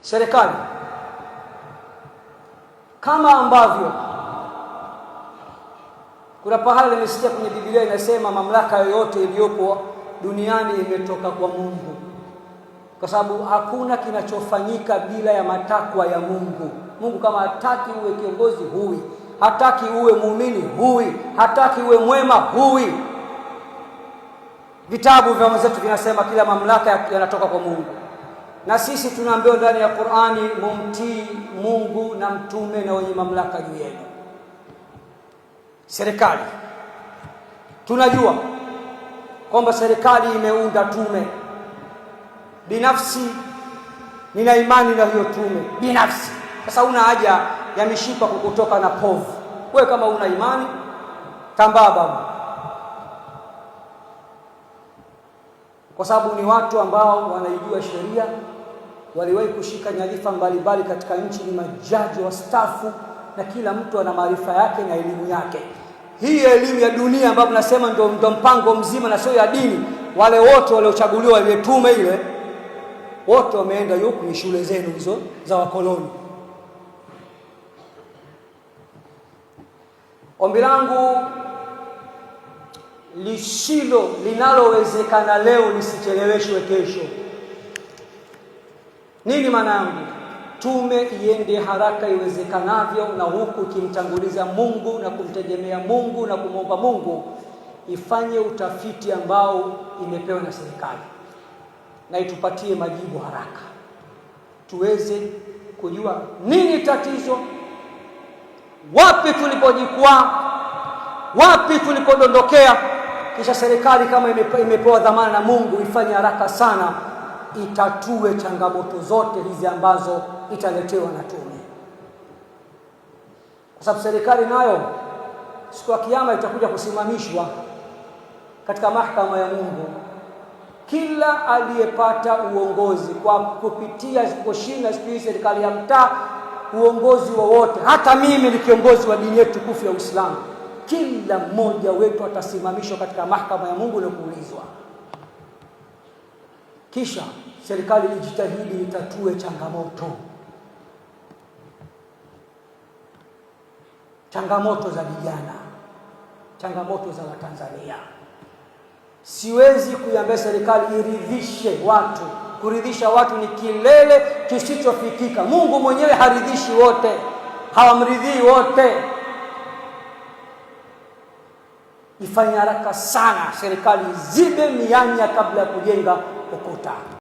serikali kama ambavyo kuna pahala nimesikia kwenye Biblia inasema mamlaka yoyote iliyopo duniani imetoka kwa Mungu, kwa sababu hakuna kinachofanyika bila ya matakwa ya Mungu. Mungu kama hataki uwe kiongozi, huwi. Hataki uwe muumini, huwi. Hataki uwe mwema, huwi. Vitabu vya wenzetu vinasema kila mamlaka yanatoka kwa Mungu na sisi tunaambiwa ndani ya Qur'ani, mumtii Mungu na mtume na wenye mamlaka juu yenu. Serikali tunajua kwamba serikali imeunda tume binafsi. Nina imani na hiyo tume binafsi. Sasa una haja ya mishipa kukutoka na povu. Wewe kama una imani tambaa baba kwa sababu ni watu ambao wanaijua sheria, waliwahi kushika nyadhifa mbalimbali katika nchi, ni majaji wastaafu, na kila mtu ana maarifa yake na elimu yake. Hii elimu ya dunia ambayo tunasema ndio ndio mpango mzima na sio ya dini, wale wote waliochaguliwa ile tume ile wote wameenda yuko ni shule zenu hizo za wakoloni. Ombi langu lishilo linalowezekana leo lisicheleweshwe kesho. Nini maana yangu? Tume iende haraka iwezekanavyo, na huku ikimtanguliza Mungu na kumtegemea Mungu na kumwomba Mungu, ifanye utafiti ambao imepewa na serikali na itupatie majibu haraka, tuweze kujua nini tatizo, wapi tulipojikwaa, wapi tulipodondokea kisha serikali kama imepewa dhamana na Mungu ifanye haraka sana, itatue changamoto zote hizi ambazo italetewa na tume, kwa sababu serikali nayo siku ya Kiyama itakuja kusimamishwa katika mahakama ya Mungu. Kila aliyepata uongozi kwa kupitia kushinda siku serikali ya mtaa, uongozi wowote, hata mimi ni kiongozi wa dini yetu tukufu ya Uislamu kila mmoja wetu atasimamishwa katika mahakama ya Mungu na kuulizwa. Kisha serikali ijitahidi itatue changamoto changamoto za vijana, changamoto za Watanzania. Siwezi kuiambia serikali iridhishe watu. Kuridhisha watu ni kilele kisichofikika. Mungu mwenyewe haridhishi wote, hawamridhii wote ifanye haraka sana serikali zibe mianya kabla ya kujenga ukuta.